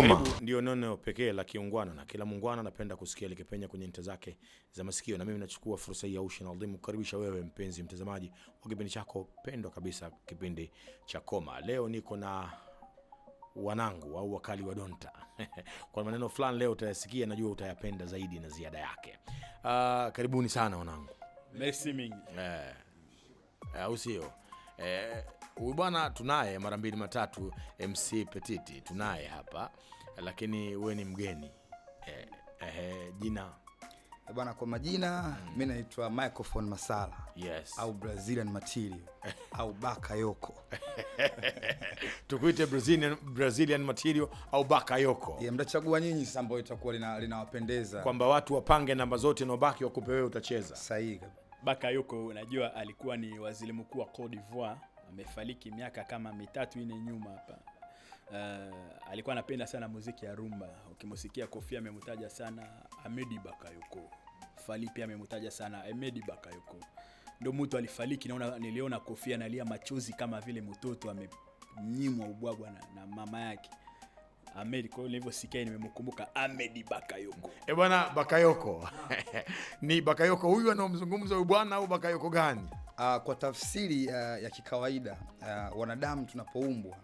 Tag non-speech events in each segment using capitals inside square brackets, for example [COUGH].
koma. Ndio neno pekee la kiungwana na kila muungwana anapenda kusikia likipenya kwenye nta zake za masikio, na mimi nachukua fursa hii ya ushi na adhimu kukaribisha wewe mpenzi mtazamaji wa kipindi chako pendwa kabisa, kipindi cha koma. Leo niko na wanangu au wakali wa Donta [LAUGHS] kwa maneno fulani leo utayasikia, najua utayapenda zaidi na ziada yake. Uh, karibuni sana wanangu, merci mingi eh, eh huyu bwana tunaye mara mbili matatu, MC Petiti tunaye hapa, lakini we ni mgeni eh, eh, jina bwana? Kwa majina mm. mi naitwa Microphone Masala yes. au Brazilian Material [LAUGHS] au Bakayoko [LAUGHS] tukuite Brazilian, Brazilian Material au Bakayoko yeah, mtachagua nyinyi sasa, ambayo itakuwa linawapendeza lina kwamba watu wapange namba zote naobaki wakupe wewe, utacheza sahihi. Bakayoko unajua alikuwa ni waziri mkuu wa Cote d'Ivoire amefariki miaka kama mitatu ine nyuma hapa. Uh, alikuwa anapenda sana muziki ya rumba. Ukimusikia kofia amemtaja sana amedi Bakayoko, fali pia amemtaja sana amedi Bakayoko. Ndio mtu alifariki, naona niliona kofia analia machozi kama vile mtoto amenyimwa ubwagwa na, na mama yake Ahmed. Kwa hiyo nilivyosikia nimemkumbuka amedi Bakayoko. Eh, bwana Bakayoko [LAUGHS] ni Bakayoko huyu anaomzungumza huyu bwana au Bakayoko gani? Uh, kwa tafsiri uh, ya kikawaida uh, wanadamu tunapoumbwa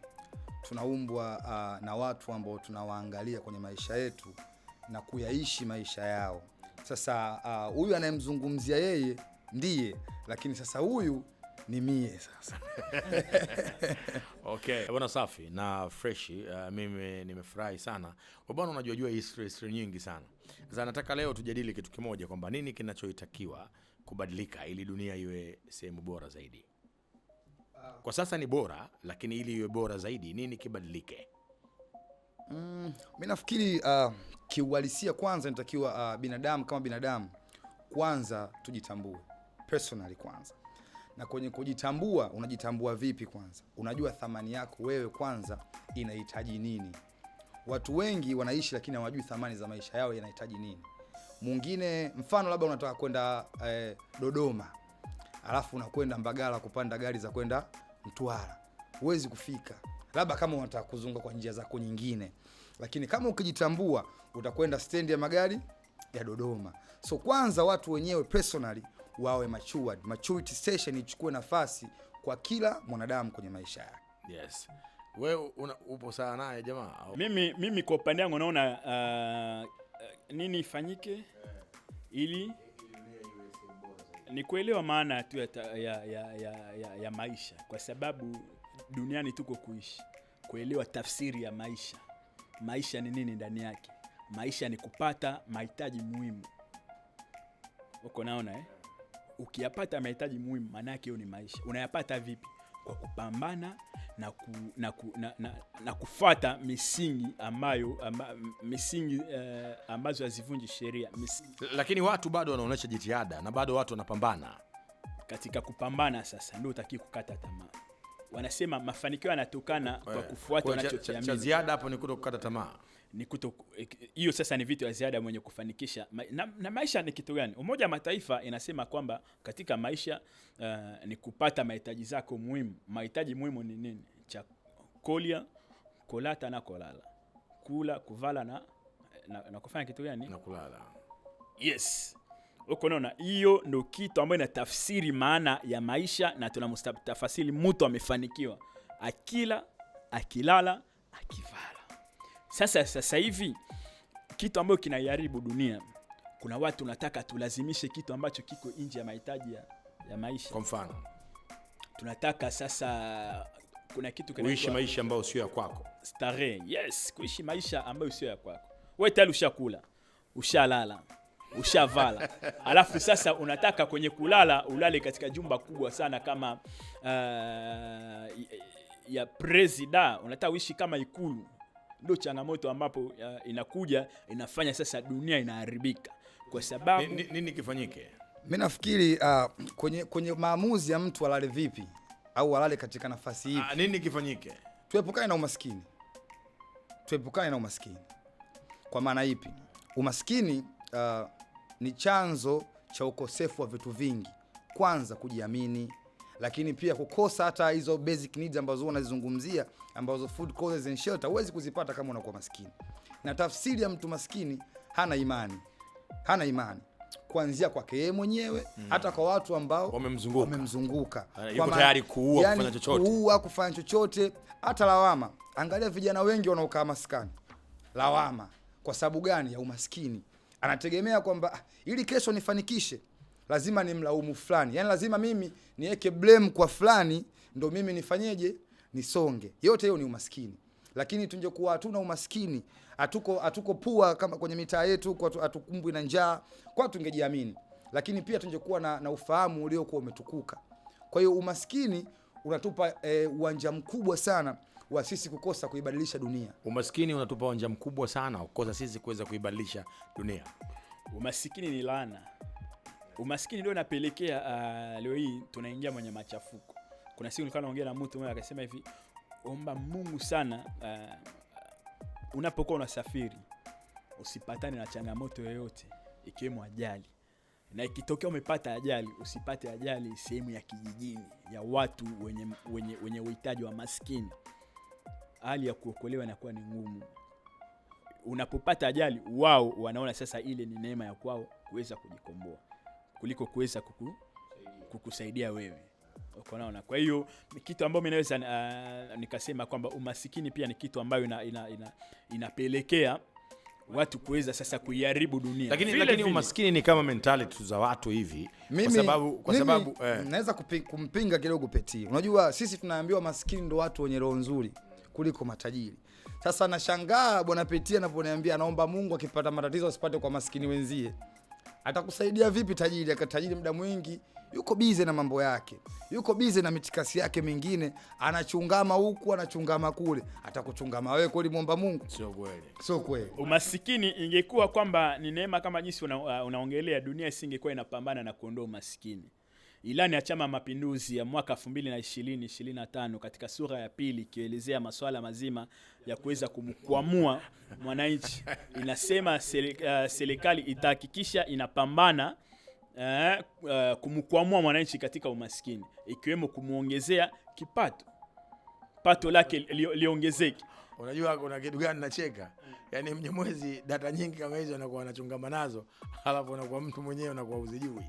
tunaumbwa uh, na watu ambao tunawaangalia kwenye maisha yetu na kuyaishi maisha yao. Sasa huyu uh, anayemzungumzia yeye ndiye, lakini sasa huyu ni mie sasa. [LAUGHS] Okay bwana, safi na freshi. Uh, mimi nimefurahi sana bwana, unajua jua history history nyingi sana sasa. Nataka leo tujadili kitu kimoja kwamba nini kinachoitakiwa kubadilika ili dunia iwe sehemu bora zaidi. Ah. Kwa sasa ni bora, lakini ili iwe bora zaidi nini kibadilike? Mm, mi nafikiri uh, kiuhalisia kwanza inatakiwa uh, ah, binadamu kama binadamu kwanza tujitambue personally kwanza, na kwenye kujitambua, unajitambua vipi? Kwanza unajua thamani yako wewe kwanza inahitaji nini. Watu wengi wanaishi lakini hawajui thamani za maisha yao yanahitaji nini mwingine mfano labda unataka kwenda eh, Dodoma alafu unakwenda Mbagala kupanda gari za kwenda Mtwara, huwezi kufika, labda kama unataka kuzunga kwa njia zako nyingine, lakini kama ukijitambua utakwenda stendi ya magari ya Dodoma. So kwanza watu wenyewe personally wawe matured, maturity station ichukue nafasi kwa kila mwanadamu kwenye maisha yake. Yes. We, una, upo sana naye jamaa? Mimi, mimi kwa upande wangu naona uh, nini ifanyike ili ni kuelewa maana tu ya, ya, ya, ya, ya maisha, kwa sababu duniani tuko kuishi, kuelewa tafsiri ya maisha. Maisha ni nini ndani yake? Maisha ni kupata mahitaji muhimu, uko naona eh? Ukiyapata mahitaji muhimu, maana yake hiyo ni maisha. Unayapata vipi? kwa kupambana na, ku, na, ku, na, na, na kufata misingi ambayo amba, misingi uh, ambazo hazivunji sheria misingi. Lakini watu bado wanaonyesha jitihada na bado watu wanapambana katika kupambana. Sasa ndio utaki kukata tamaa. Wanasema mafanikio yanatokana kwa eh, kufuata unachokiamini. Cha ziada hapo ni kutokukata tamaa ni kuto hiyo sasa ni vitu ya ziada mwenye kufanikisha na, na maisha ni kitu gani? Umoja wa Mataifa inasema kwamba katika maisha uh, ni kupata mahitaji zako muhimu. Mahitaji muhimu ni nini? cha Chakolia, kolata na kolala, kula, kuvala na, na, na kufanya kitu gani? Na kulala. Yes, uko naona, hiyo ndio kitu ambayo inatafsiri maana ya maisha, na tunamtafasili mtu amefanikiwa akila, akilala, akif sasa sasa hivi kitu ambacho kinaiharibu dunia, kuna watu nataka tulazimishe kitu ambacho kiko nje ya mahitaji ya, maisha. Kwa mfano tunataka sasa, kuna kitu kuishi maisha ambayo sio ya kwako, stare Yes, kuishi maisha ambayo sio ya kwako. Wewe tayari ushakula, ushalala ushavala alafu sasa unataka kwenye kulala ulale katika jumba kubwa sana kama uh, ya presida, unataka uishi kama ikulu ndio changamoto ambapo uh, inakuja inafanya sasa dunia inaharibika kwa sababu ni, nini kifanyike? Mimi nafikiri uh, kwenye, kwenye maamuzi ya mtu alale vipi au alale katika nafasi hii uh, ah, nini kifanyike? Tuepukane na umaskini, tuepukane na umaskini. Kwa maana ipi? Umaskini uh, ni chanzo cha ukosefu wa vitu vingi, kwanza kujiamini lakini pia kukosa hata hizo basic needs ambazo unazizungumzia ambazo food, clothes and shelter huwezi kuzipata kama unakuwa maskini. Na tafsiri ya mtu maskini hana imani, hana imani kuanzia kwake yeye mwenyewe mm. hata kwa watu ambao wamemzunguka yaani yuko tayari kuua, yani kufanya yaani chochote, kuua, kufanya chochote, hata lawama. Angalia vijana wengi wanaokaa maskani, lawama. Kwa sababu gani? Ya umaskini. Anategemea kwamba ah, ili kesho nifanikishe lazima mlaumu fulani, yani lazima mimi niweke blame kwa fulani ndo mimi nifanyeje nisonge. Yote hiyo ni umaskini, lakini tungekuwa hatuna umaskini, hatuko hatuko pua kama kwenye mitaa yetu, hatukumbwi na njaa, kwa tungejiamini, lakini pia tungekuwa na, na ufahamu uliokuwa umetukuka. Kwa hiyo umaskini unatupa e, uwanja mkubwa sana wa sisi kukosa kuibadilisha dunia. Umaskini unatupa uwanja mkubwa sana kukosa sisi kuweza kuibadilisha dunia. Umaskini ni laana umaskini ndio unapelekea Uh, leo hii tunaingia mwenye machafuko. Kuna siku nilikuwa naongea na mtu mmoja akasema hivi, omba Mungu sana uh, unapokuwa unasafiri usipatane na changamoto yoyote ikiwemo ajali, na ikitokea umepata ajali usipate ajali sehemu ya kijijini ya watu wenye, wenye, wenye uhitaji wa maskini. Hali ya kuokolewa inakuwa ni ngumu. Unapopata ajali, wao wanaona sasa ile ni neema ya kwao kuweza kujikomboa kuliko kuweza kuku, kukusaidia wewe uko naona. Kwa hiyo kitu ambayo mimi naweza uh, nikasema kwamba umasikini pia ni kitu ambayo ina, ina, ina, inapelekea watu kuweza sasa kuiharibu dunia. Lakini, vile, lakini vile. Umaskini ni kama mentality za watu hivi mimi, kwa sababu, kwa mimi, sababu eh. Naweza kumpinga kidogo Peti. Unajua sisi tunaambiwa maskini ndo watu wenye roho nzuri kuliko matajiri. Sasa nashangaa bwana Peti anaponiambia anaomba Mungu akipata matatizo asipate kwa maskini wenzie. Atakusaidia vipi tajiri? Akatajiri muda mwingi yuko bize na mambo yake, yuko bize na mitikasi yake mingine, anachungama huku anachungama kule. Atakuchungama wewe kweli? Mwomba Mungu, sio kweli, sio kweli. Umasikini ingekuwa kwamba ni neema kama jinsi una, uh, unaongelea, dunia isingekuwa inapambana na kuondoa umasikini. Ilani ya Chama Mapinduzi ya mwaka 2020-2025 katika sura ya pili ikielezea masuala mazima ya kuweza kumkwamua mwananchi inasema uh, serikali uh, itahakikisha inapambana uh, uh, kumkwamua mwananchi katika umaskini ikiwemo kumwongezea kipato, pato lake liongezeke Unajua kuna kitu gani nacheka? Yaani Mnyamwezi data nyingi kama hizo anakuwa anachungama nazo, alafu unakuwa mtu mwenyewe unakuwa uzijui.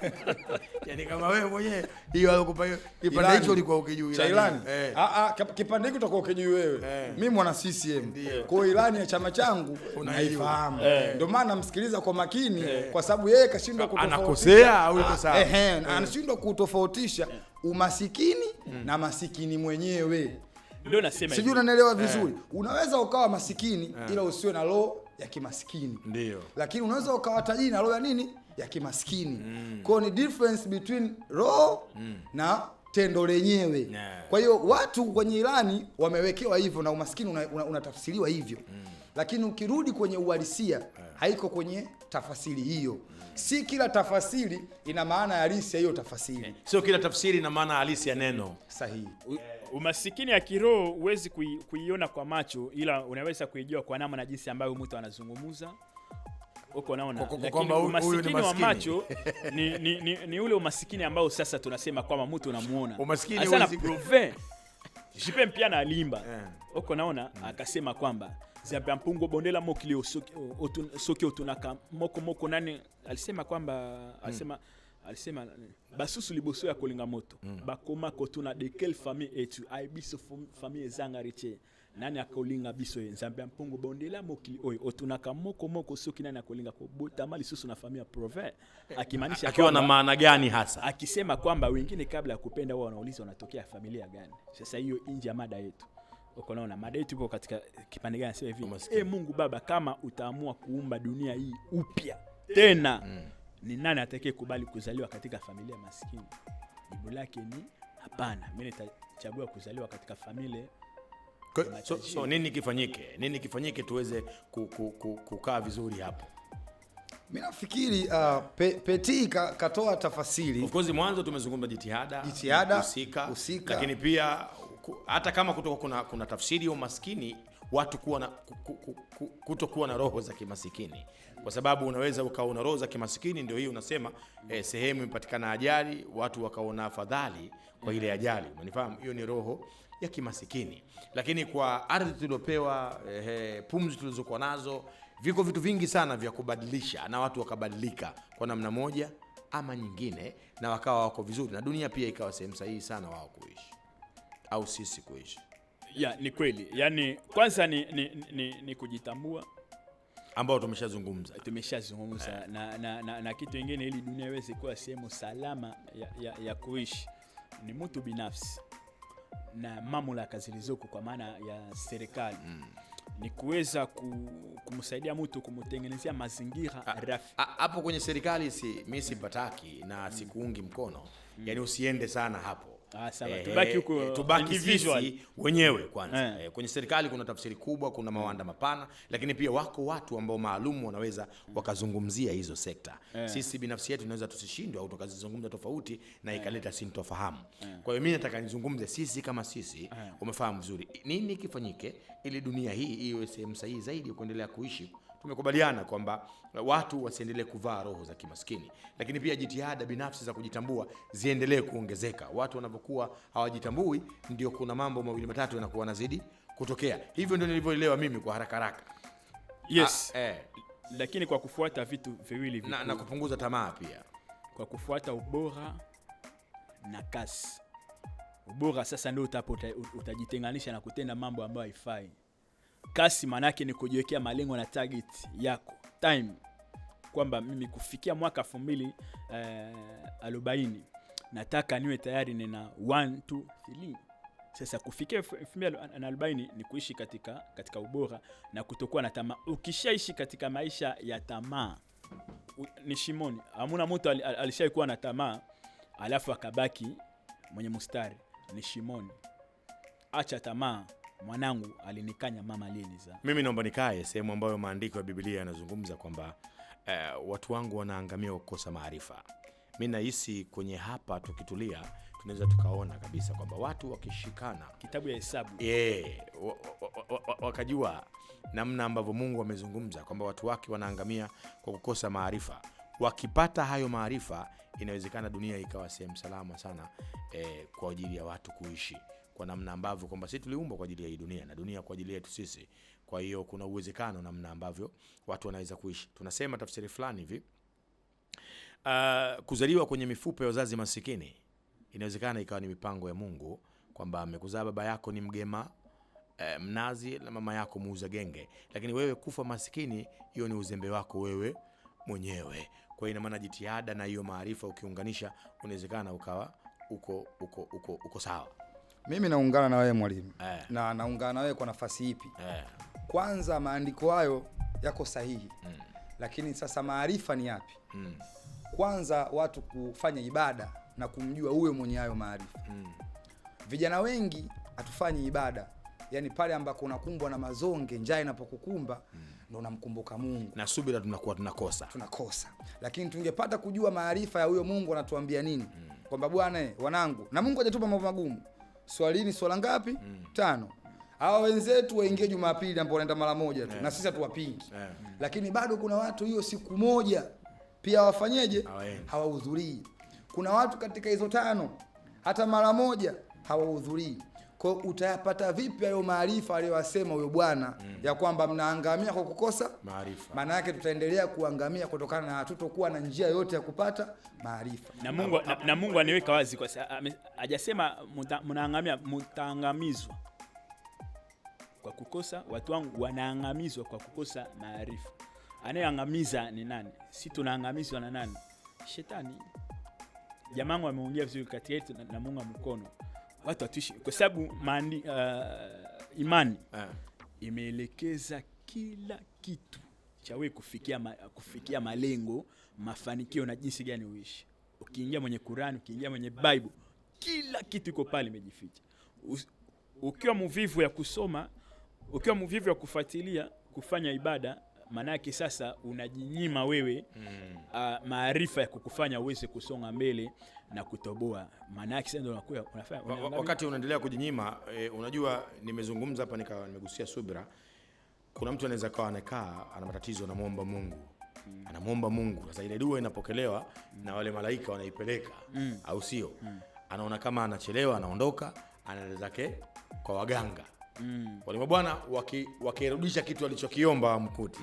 [LAUGHS] yani kama wewe mwenyewe hiyo alikupa hiyo kipande hicho ulikuwa ukijui cha yaani ilani. eh. Ah ah, kipande hicho utakuwa ukijui wewe. eh. Mimi mwana CCM. Kwa hiyo ilani ya chama changu naifahamu. Eh. Ndio maana namsikiliza kwa makini eh. kwa sababu yeye kashindwa kutofautisha. Anakosea au yuko sawa? Ehe, eh. anashindwa kutofautisha umasikini mm. na masikini mwenyewe ndio nasema sijui unanielewa eh. vizuri eh. Unaweza ukawa masikini eh, ila usiwe na roho ya kimaskini ndio, lakini unaweza ukawa tajiri na roho ya nini ya kimaskini mm. Kwa ni difference between roho mm, na tendo lenyewe yeah. Kwa hiyo watu kwenye ilani wamewekewa hivyo na umaskini unatafsiriwa una, una hivyo mm, lakini ukirudi kwenye uhalisia yeah, haiko kwenye tafasiri hiyo mm. Si kila tafasiri ina maana halisi ya hiyo tafasiri, eh. sio kila tafsiri ina maana halisi ya neno sahihi. Umasikini ya kiroho huwezi kuiona kwa macho, ila unaweza kuijua kwa namna na jinsi ambayo mtu anazungumza uko naona, lakini umasikini wa macho [LAUGHS] ni, ni, ni, ni ule umasikini ambao sasa tunasema kwamba mtu unamuona umasikini sana prove eh. jipe mpia na alimba yeah. uko naona mm. akasema kwamba zaba mpungo bondela mokilio soki otunaka moko moko nani alisema kwamba mm. alisema mm alisema basusu liboso ya kolinga moto mm. bakomako tuna de quelle famille etu ayi biso famille ezanga ritie nani akolinga biso ye nzambe ya mpongo bondela mokili oyo otunaka mokomoko soki nani akolinga kobotama lisusu na famille ya provert akimaanisha akiwa na maana gani hasa akisema kwamba wengine kabla ya kupenda wao wanauliza wanatokea familia gani sasa hiyo inji ya mada yetu ukonaona mada yetu iko katika kipande gani nasema hivi e mungu baba kama utaamua kuumba dunia hii upya mm. tena mm ni nani atakaye kubali kuzaliwa katika familia maskini? Jibu lake ni hapana, mimi nitachagua kuzaliwa katika familia So, so nini kifanyike? Nini kifanyike tuweze kukaa vizuri hapo? Mimi nafikiri uh, pe, Peti ka, katoa tafasiri. Of course mwanzo tumezungumza jitihada, jitihada husika, husika. Lakini pia hata kama kutoka kuna, kuna tafsiri ya umaskini watu kuwa na kutokuwa na roho za kimasikini kwa sababu unaweza ukaona roho za kimasikini, ndio hii unasema eh, sehemu imepatikana ajali, watu wakaona afadhali kwa ile ajali. Unanifahamu? Hiyo ni roho ya kimasikini. Lakini kwa ardhi tuliopewa, eh, pumzi tulizokuwa nazo, viko vitu vingi sana vya kubadilisha, na watu wakabadilika kwa namna moja ama nyingine, na wakawa wako vizuri, na dunia pia ikawa sehemu sahihi sana wao kuishi au sisi kuishi. Ya, ni kweli. Yaani kwanza ni, ni, ni, ni kujitambua ambao tumeshazungumza tumeshazungumza eh. na, na, na, na kitu kingine, ili dunia iweze kuwa sehemu salama ya, ya, ya kuishi ni mtu binafsi na mamlaka zilizoko kwa maana ya serikali mm. Ni kuweza kumsaidia mtu kumtengenezea mazingira ah, ah, Hapo kwenye serikali si mimi sipataki na mm. sikuungi mkono mm. Yani usiende sana hapo Ah, tubaki huko tubaki sisi wenyewe kwanza eh. eh. Kwenye serikali kuna tafsiri kubwa, kuna mawanda mapana, lakini pia wako watu ambao maalum wanaweza wakazungumzia hizo sekta eh. Sisi binafsi yetu tunaweza tusishindwe au tukazizungumza tofauti na eh. ikaleta eh, sintofahamu eh. Kwa hiyo mimi nataka nizungumze sisi kama sisi eh. Umefahamu vizuri nini kifanyike ili dunia hii iwe sehemu sahihi zaidi ya kuendelea kuishi tumekubaliana kwamba watu wasiendelee kuvaa roho za kimaskini, lakini pia jitihada binafsi za kujitambua ziendelee kuongezeka. Watu wanavyokuwa hawajitambui, ndio kuna mambo mawili matatu yanakuwa nazidi kutokea. Hivyo ndio nilivyoelewa mimi kwa haraka haraka. Yes. A, ah, eh, lakini kwa kufuata vitu viwili na, na kupunguza tamaa pia kwa kufuata ubora na kasi. Ubora sasa ndio utapo utajitenganisha na kutenda mambo ambayo haifai kasi maanake ni kujiwekea malengo na target yako time, kwamba mimi kufikia mwaka 2040 eh, nataka niwe tayari nina 1 2 3. Sasa kufikia elfu ni kuishi katika, katika ubora na kutokuwa na tamaa. Ukishaishi katika maisha ya tamaa ni shimoni. Hamuna mtu al, al, alishaikuwa na tamaa alafu akabaki mwenye mustari, ni shimoni. Acha tamaa mwanangu alinikanya mama lini mimi naomba nikaye sehemu ambayo maandiko ya bibilia yanazungumza kwamba eh, watu wangu wanaangamia kwa kukosa maarifa. Mi nahisi kwenye hapa tukitulia, tunaweza tukaona kabisa kwamba watu wakishikana, kitabu ya Hesabu wakajua namna ambavyo Mungu amezungumza kwamba watu wake wanaangamia kwa kukosa maarifa. Wakipata hayo maarifa, inawezekana dunia ikawa sehemu salama sana eh, kwa ajili ya watu kuishi kwa namna ambavyo kwamba sisi tuliumbwa kwa ajili ya hii dunia na dunia kwa ajili yetu sisi. Kwa hiyo kuna uwezekano namna ambavyo watu wanaweza kuishi. Tunasema tafsiri fulani hivi, uh, kuzaliwa kwenye mifupa ya wazazi masikini inawezekana ikawa ni mipango ya Mungu kwamba amekuzaa baba yako ni mgema eh, mnazi na mama yako muuza genge, lakini wewe kufa masikini, hiyo ni uzembe wako wewe mwenyewe. Kwa hiyo ina maana jitihada na hiyo maarifa ukiunganisha, unawezekana ukawa uko uko uko uko sawa. Mimi naungana na wewe mwalimu eh. Na naungana na wewe kwa nafasi ipi eh? Kwanza maandiko hayo yako sahihi mm. Lakini sasa maarifa ni yapi mm? Kwanza watu kufanya ibada na kumjua huyo mwenye hayo maarifa mm. Vijana wengi hatufanyi ibada, yaani pale ambako unakumbwa na mazonge, njaa inapokukumba mm. ndo unamkumbuka Mungu na subira tunakuwa tunakosa tunakosa, lakini tungepata kujua maarifa ya huyo Mungu anatuambia nini mm. kwamba bwana, eh, wanangu, na Mungu ajatupa mambo magumu swalini swala ngapi? mm. Tano. Hawa wenzetu waingie Jumapili ambao wanaenda mara moja tu yeah. na sisi hatuwapingi yeah. lakini bado kuna watu hiyo siku moja pia hawafanyeje? Hawahudhurii. Kuna watu katika hizo tano hata mara moja hawahudhurii. Kwa utayapata vipi hayo maarifa aliyowasema huyo bwana mm. ya kwamba mnaangamia kwa kukosa maarifa? Maana yake tutaendelea kuangamia kutokana na hatutokuwa na njia yote ya kupata maarifa. Na Mungu na, na Mungu aniweka wazi kwa hajasema mnaangamia, mtaangamizwa kwa kukosa. Watu wangu wanaangamizwa kwa kukosa maarifa. Anayeangamiza ni nani? Si tunaangamizwa na nani? Shetani. Jamangu ameongea vizuri, kati yetu na, na Mungu mkono watu watuishi kwa sababu maandi, uh, imani yeah. imeelekeza kila kitu cha wewe kufikia, ma, kufikia malengo mafanikio na jinsi gani uishi. Ukiingia mwenye Kurani, ukiingia mwenye Bible, kila kitu iko pale imejificha. Ukiwa mvivu ya kusoma, ukiwa mvivu ya kufuatilia kufanya ibada, maana sasa unajinyima wewe mm uh, maarifa ya kukufanya uweze kusonga mbele na kutoboa. Maana yake ndio unakuwa unafanya wakati unaendelea kujinyima. E, unajua nimezungumza hapa nika nimegusia subira. Kuna mtu anaweza kawa anakaa ana matatizo, anamwomba Mungu mm. anamwomba Mungu. Sasa ile dua inapokelewa mm. na wale malaika wanaipeleka mm. au sio? mm. anaona kama anachelewa, anaondoka, anaenda zake kwa waganga mm. wale mabwana wakirudisha waki kitu alichokiomba mkuti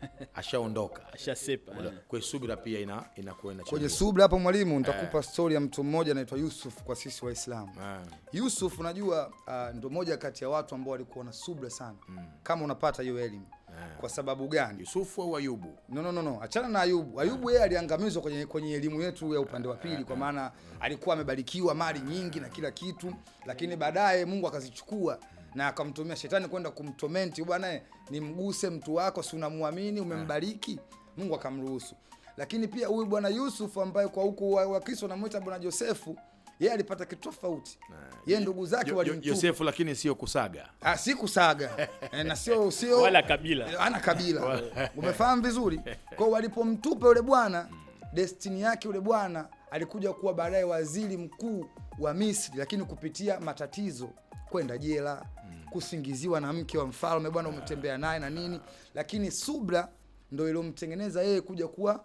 [LAUGHS] ashaondoka ashasepa. Kwa subira pia ina inakuwa ina kwenye subira hapo. Mwalimu, nitakupa eh. story ya mtu mmoja anaitwa Yusuf kwa sisi Waislamu. Eh. Yusuf unajua, uh, ah, ndo moja kati ya watu ambao walikuwa na subira sana mm. kama unapata hiyo elimu eh. kwa sababu gani? Yusuf au Ayubu? No, no, no, no, achana na Ayubu. Ayubu yeye aliangamizwa kwenye kwenye elimu yetu ya upande wa pili, kwa maana alikuwa amebarikiwa mali nyingi na kila kitu, lakini baadaye Mungu akazichukua na akamtumia shetani kwenda kumtomenti, bwana, eh, nimguse mtu wako, si unamwamini, umembariki. Mungu akamruhusu. Lakini pia huyu bwana yusuf ambaye kwa huku Wakristo wanamwita bwana Josefu yeye alipata kitu tofauti. Ah, yeye ndugu zake walimtupa lakini sio kusaga. Ah, si kusaga [LAUGHS] e, na sio sio wala kabila, ana kabila umefahamu vizuri. Kwa walipomtupa yule bwana, destiny yake yule bwana alikuja kuwa baadaye waziri mkuu wa Misri, lakini kupitia matatizo kwenda jela kusingiziwa na mke wa mfalme, bwana umetembea naye na nini, lakini subra ndo iliomtengeneza yeye kuja kuwa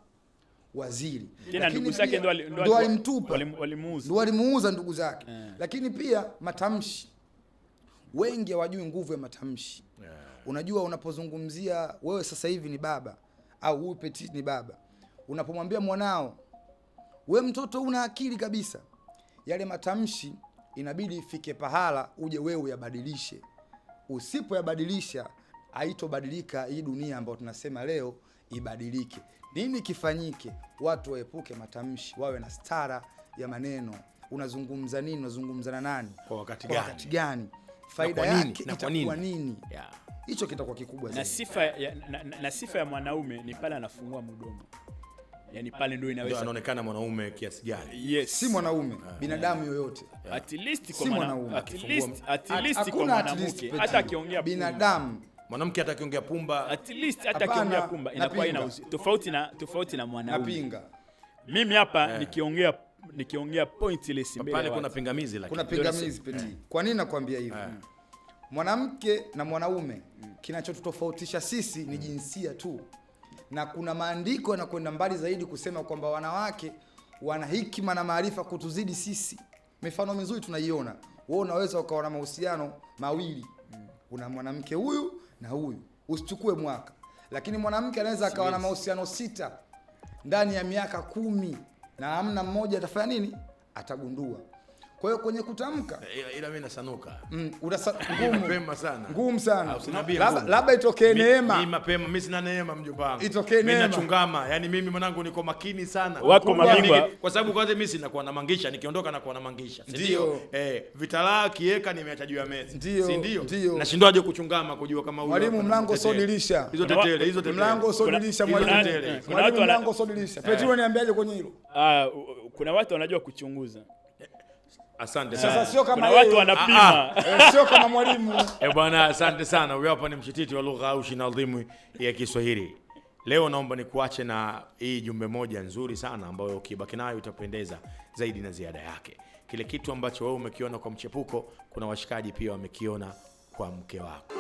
waziri. ndo alimtupa, ndo alimuuza ndugu zake. Eh. Lakini pia matamshi, wengi hawajui nguvu ya matamshi. Eh. Unajua, unapozungumzia wewe sasa hivi ni baba au huyu Petit ni baba, unapomwambia mwanao we mtoto una akili kabisa, yale matamshi inabidi ifike pahala uje wewe uyabadilishe usipoyabadilisha haitobadilika hii dunia ambayo tunasema leo ibadilike. Nini kifanyike? Watu waepuke matamshi, wawe na stara ya maneno. Unazungumza nini? Unazungumzana nani? Kwa wakati gani? Kwa wakati gani? Faida yake itakuwa nini? Hicho kitakuwa kikubwa zaidi. Na sifa ya mwanaume ni pale anafungua mdomo yani pale ndio inaweza anaonekana mwanaume kiasi gani? Yes. Si mwanaume yeah. binadamu yoyote yeah. at least kwa si mwanaume at least at least kwa mwanamke hata akiongea binadamu mwanamke hata akiongea pumba at least hata akiongea pumba inakuwa ina tofauti na tofauti na mwanaume. Napinga mimi hapa yeah. nikiongea nikiongea pointless mbele pale kuna pingamizi lakini kuna pingamizi peti. Eh. Kwa nini nakwambia hivi? yeah. mwanamke na mwanaume kinachotofautisha sisi mm. ni jinsia tu na kuna maandiko yanakwenda mbali zaidi kusema kwamba wanawake wana hikima na maarifa kutuzidi sisi. Mifano mizuri tunaiona, wewe unaweza ukawa na mahusiano mawili, una mwanamke huyu na huyu, usichukue mwaka, lakini mwanamke anaweza akawa na mahusiano sita ndani ya miaka kumi na amna mmoja atafanya nini? Atagundua. Kwa hiyo kwenye kutamka eh, ila mimi nasanuka. Mm, ngumu [LAUGHS] Mapema sana. Ngumu sana. Ah, labda labda itokee neema. Mimi mapema, mimi sina neema mjomba wangu. Itokee neema. Mimi nachungama, Yaani mimi mwanangu niko makini sana. Wako mabingwa. Kwa sababu kwanza mimi sina kuwa na mangisha, nikiondoka na kuwa na mangisha. Ndio. Eh, vitalaa kiweka nimeacha juu ya meza. Si ndio? Nashindwaje kuchungama kujua kama huyo. Mwalimu mlango sio dirisha. Hizo tetele, hizo tetele. Mlango sio dirisha mwalimu tetele. Mwalimu mlango sio dirisha. Petro ah. niambiaje kwenye hilo? Ah, kuna watu wanajua kuchunguza. Asante sana. Sasa sio kama watu wanapima. Ah, ah. Eh, sio kama mwalimu. Eh, bwana asante sana. Huyo hapa ni mshititi wa lugha au na adhimu ya Kiswahili. Leo naomba nikuache na hii jumbe moja nzuri sana ambayo ukibaki nayo itapendeza zaidi na ziada yake. Kile kitu ambacho wewe umekiona kwa mchepuko, kuna washikaji pia wamekiona kwa mke wako.